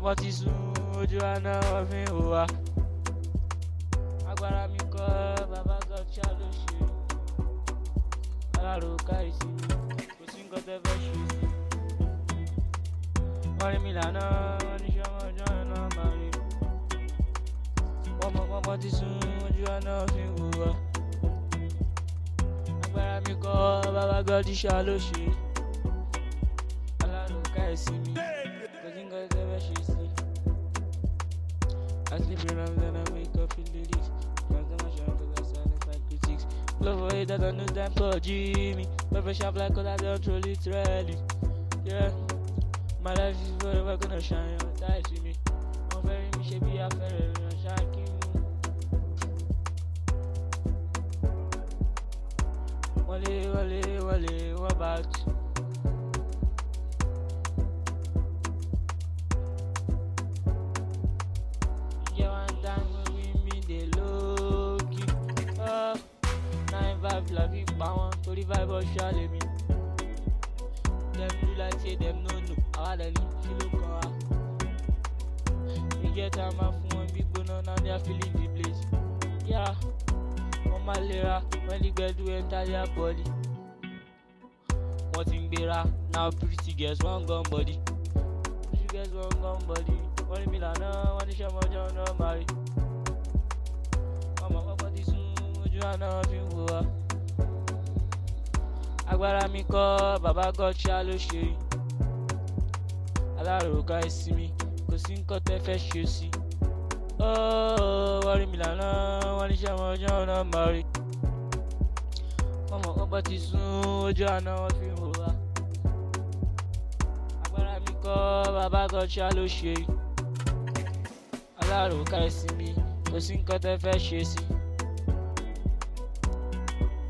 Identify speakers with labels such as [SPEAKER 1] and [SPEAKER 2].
[SPEAKER 1] ọ̀pọ̀ ti sun ojú àná ọ̀fin òwà. agbára mi kọ́ bàbá gọ́ọ̀ṣà ló ṣe alárò káyìsí kò sí nǹkan tẹ́ fẹ́ ṣe sí. wọ́n rí mi lànà wọ́n ní sọ́mọ ọjọ́ náà máa rí. wọ́n mọ pọ́npọ́n ti sun àná ọ̀fin òwà. agbára mi kọ́ bàbá gọ́ọ̀ṣà ló ṣe alárò káyìsí mi. sleep around, then I wake up in the leaks. Back on my shop, cause I silence my critics. Love away that I know time for Jimmy. Never sharp like cause I don't truly really. Yeah, my life is forever gonna shine. Your ties with me. I'm very much be a ferry, I'm shaking. Wale, wale, wale, what about you? sọ kí n pa wọ́n torí fáìbọ̀ ṣọ́ọ̀lì mi. dem do like say dem no know àwa dẹ̀ ní kí ló kàn wá. we get am máa fún wọn gbígbóná now they are feeling the place. yá wọ́n máa lera wọ́n ní gbẹ́dú enter their body. wọ́n ti ń gbéra now pretty girls wan gun body. pretty girls wan gun body. wọ́n ní mílànà wọ́n ní sẹ́mọ́jọ́ náà máa rí. ọmọ kọ́kọ́ ti sún ojú àná fi ń wò wá agbára mi kọ́ bàbá gọ́ṣà ló ṣe alárògá ìsinmi kò sí nǹkan tẹ́ fẹ́ ṣe sí i oh, wọ́n rí mi lànà wọ́n ní sẹ́wọ̀n ọjọ́ náà máa rí ọmọ ọgbọ́n ti sún ojú àná wọn fi hàn wá agbára mi kọ́ bàbá gọ́ṣà ló ṣe alárògá ìsinmi kò sí nǹkan tẹ́ fẹ́ ṣe sí i.